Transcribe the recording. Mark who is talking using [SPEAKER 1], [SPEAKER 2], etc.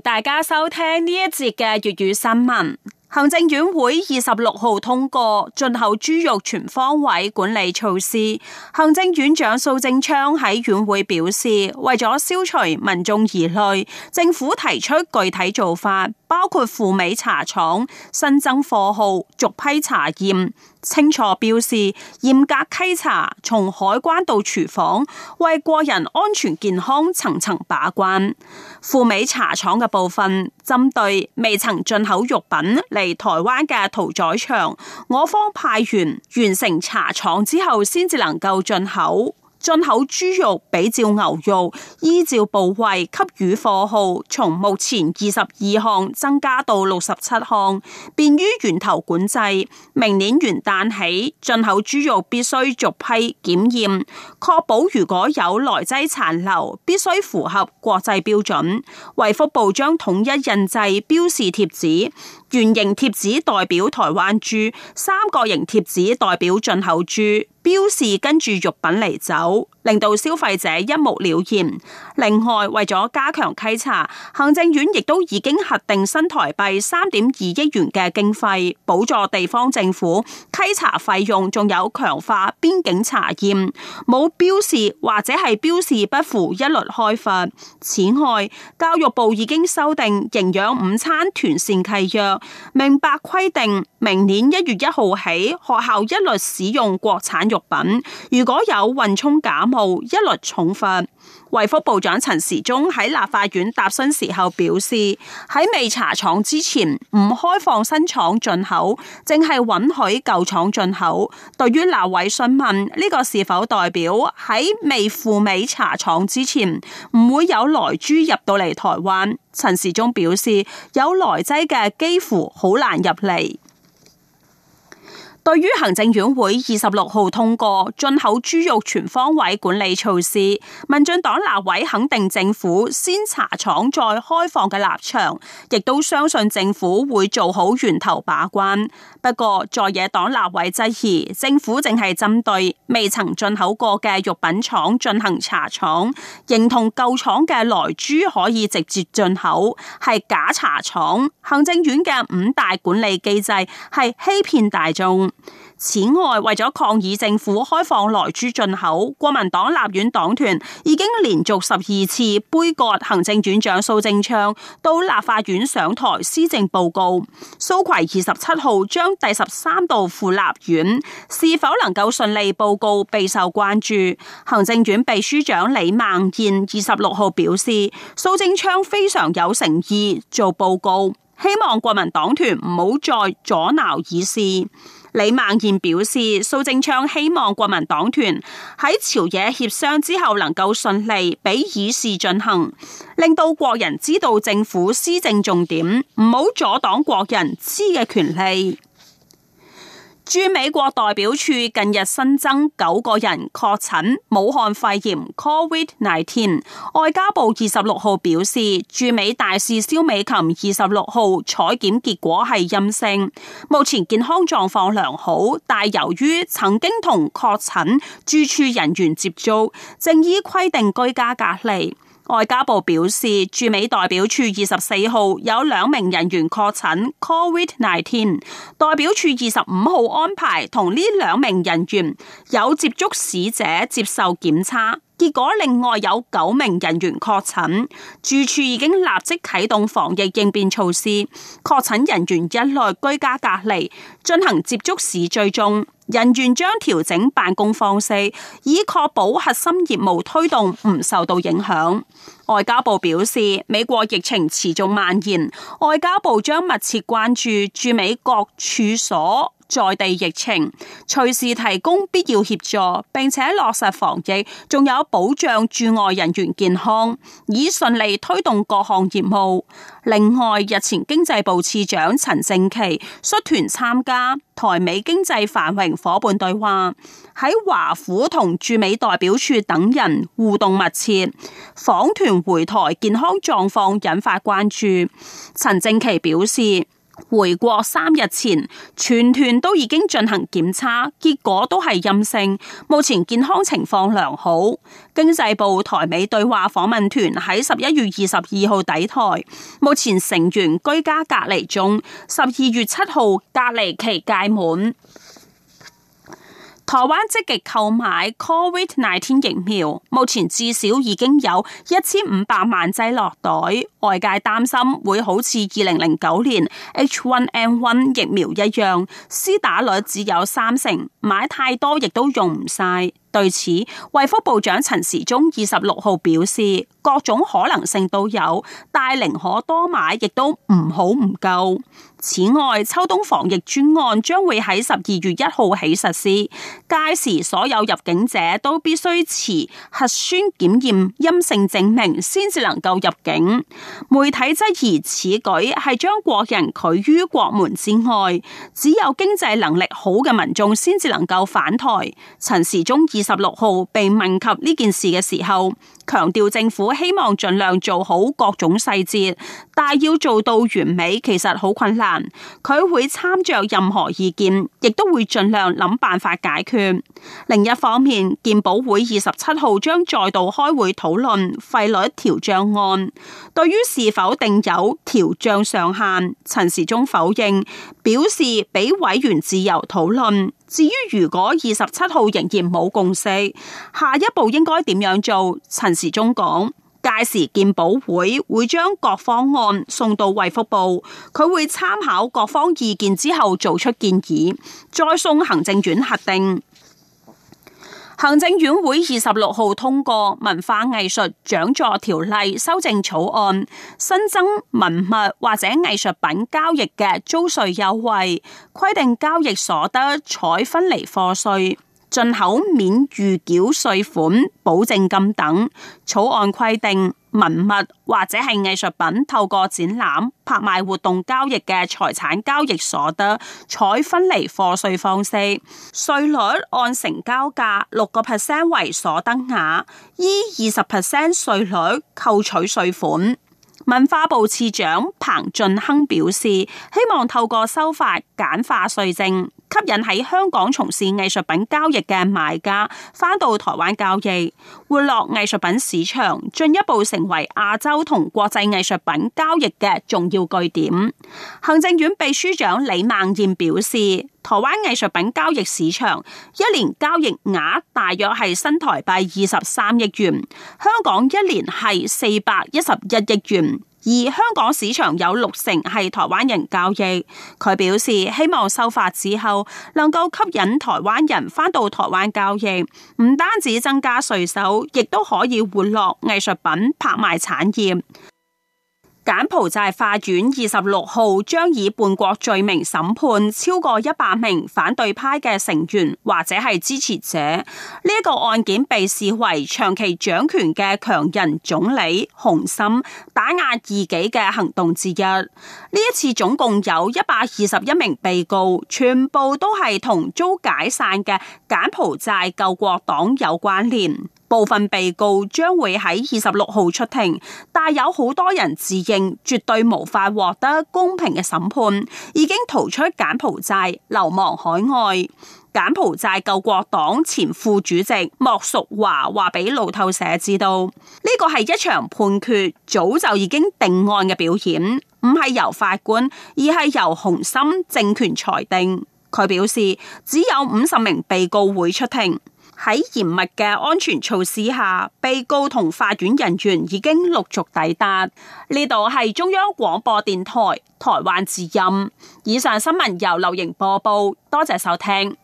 [SPEAKER 1] 大家收聽呢一節嘅粵語新聞。行政院會二十六號通過進口豬肉全方位管理措施。行政院長蘇貞昌喺院會表示，為咗消除民眾疑慮，政府提出具體做法。包括赴美查廠新增貨號，逐批查驗清楚，標示嚴格稽查，從海關到廚房為個人安全健康層層把關。赴美查廠嘅部分針對未曾進口肉品嚟台灣嘅屠宰場，我方派員完，完成查廠之後，先至能夠進口。進口豬肉比照牛肉，依照部位給予貨號，從目前二十二項增加到六十七項，便於源頭管制。明年元旦起，進口豬肉必須逐批檢驗，確保如果有萊劑殘留，必須符合國際標準。衛福部將統一印製標示貼紙。圓形貼紙代表台灣豬，三角形貼紙代表進口豬，標示跟住肉品嚟走，令到消費者一目了然。另外，為咗加強稽查，行政院亦都已經核定新台幣三點二億元嘅經費補助地方政府稽查費用，仲有強化邊境查驗，冇標示或者係標示不符一律開罰。此外，教育部已經修訂營養午餐團膳契約。明白規定。明年一月一號起，學校一律使用國產肉品。如果有混充假冒，一律重罰。衛福部長陳時中喺立法院答詢時候表示，喺未查廠之前，唔開放新廠進口，淨係允許舊廠進口。對於立委詢問呢個是否代表喺未赴美查廠之前唔會有萊豬入到嚟台灣，陳時中表示有萊劑嘅幾乎好難入嚟。對於行政院會二十六號通過進口豬肉全方位管理措施，民進黨立委肯定政府先查廠再開放嘅立場，亦都相信政府會做好源頭把關。不過在野黨立委質疑，政府淨係針對未曾進口過嘅肉品廠進行查廠，認同舊廠嘅萊豬可以直接進口係假查廠，行政院嘅五大管理機制係欺騙大衆。此外，為咗抗議政府開放萊豬進口，國民黨立院黨團已經連續十二次杯葛行政院長蘇貞昌到立法院上台施政報告。蘇揆二十七號將第十三度赴立院，是否能夠順利報告備受關注。行政院秘書長李孟諺二十六號表示，蘇貞昌非常有誠意做報告，希望國民黨團唔好再阻撓議事。李孟諺表示，蘇貞昌希望國民黨團喺朝野協商之後能夠順利俾議事進行，令到國人知道政府施政重點，唔好阻擋國人知嘅權利。駐美國代表處近日新增九個人確診武漢肺炎 （Covid-19）。外交部二十六號表示，駐美大使蕭美琴二十六號採檢結果係陰性，目前健康狀況良好，但由於曾經同確診住處人員接觸，正依規定居家隔離。外交部表示，駐美代表處二十四號有兩名人員確診 Covid nineteen，代表處二十五號安排同呢兩名人員有接觸史者接受檢查，結果另外有九名人員確診，駐處已經立即啟動防疫應變措施，確診人員一律居家隔離，進行接觸史追蹤。人員將調整辦公方式，以確保核心業務推動唔受到影響。外交部表示，美國疫情持續蔓延，外交部將密切關注駐美國各處所。在地疫情，隨時提供必要協助，並且落實防疫，仲有保障駐外人員健康，以順利推動各項業務。另外，日前經濟部次長陳正奇率團參加台美經濟繁榮夥伴對話，喺華府同駐美代表處等人互動密切，訪團回台健康狀況引發關注。陳正奇表示。回國三日前，全團都已經進行檢測，結果都係陰性，目前健康情況良好。經濟部台美對話訪問團喺十一月二十二號抵台，目前成員居家隔離中，十二月七號隔離期屆滿。台灣積極購買 Covid nineteen 疫苗，目前至少已經有一千五百萬劑落袋。外界擔心會好似二零零九年 H one N one 疫苗一樣，施打率只有三成，買太多亦都用唔晒。對此，衛福部長陳時中二十六號表示，各種可能性都有，但寧可多買，亦都唔好唔夠。此外，秋冬防疫專案將會喺十二月一號起實施，屆時所有入境者都必須持核酸檢驗陰性證明，先至能夠入境。媒體質疑此舉係將國人拒於國門之外，只有經濟能力好嘅民眾先至能夠返台。陳時中二。十六號被問及呢件事嘅時候，強調政府希望盡量做好各種細節，但要做到完美其實好困難。佢會參照任何意見，亦都會盡量諗辦法解決。另一方面，健保會二十七號將再度開會討論費率調漲案。對於是否定有調漲上限，陳時中否認，表示俾委員自由討論。至於如果二十七號仍然冇共識，下一步應該點樣做？陳。時中講，屆時健保會會將各方案送到衛福部，佢會參考各方意見之後做出建議，再送行政院核定。行政院會二十六號通過文化藝術獎助條例修正草案，新增文物或者藝術品交易嘅租稅優惠，規定交易所得採分離課稅。進口免預繳稅款保證金等，草案規定，文物或者係藝術品透過展覽、拍賣活動交易嘅財產交易所得，採分離課稅方式，稅率按成交價六個 percent 為所得額，依二十 percent 稅率扣取稅款。文化部次長彭俊亨表示，希望透過修法簡化稅政。吸引喺香港從事藝術品交易嘅買家翻到台灣交易，活絡藝術品市場，進一步成為亞洲同國際藝術品交易嘅重要據點。行政院秘書長李孟諺表示，台灣藝術品交易市場一年交易額大約係新台幣二十三億元，香港一年係四百一十一億元。而香港市場有六成係台灣人交易，佢表示希望修法之後能夠吸引台灣人返到台灣交易，唔單止增加稅收，亦都可以活絡藝術品拍賣產業。柬埔寨法院二十六號將以叛國罪名審判超過一百名反對派嘅成員或者係支持者。呢、這、一個案件被視爲長期掌權嘅強人總理洪森打壓異己嘅行動之一。呢一次總共有一百二十一名被告，全部都係同遭解散嘅柬埔寨救國黨有關聯。部分被告將會喺二十六號出庭，但有好多人自認絕對無法獲得公平嘅審判，已經逃出柬埔寨，流亡海外。柬埔寨救國黨前副主席莫淑華話俾路透社知道，呢個係一場判決早就已經定案嘅表演，唔係由法官，而係由洪森政權裁定。佢表示，只有五十名被告會出庭。喺嚴密嘅安全措施下，被告同法院人員已經陸續抵達。呢度係中央廣播電台，台灣之音。以上新聞由劉瑩播報，多謝收聽。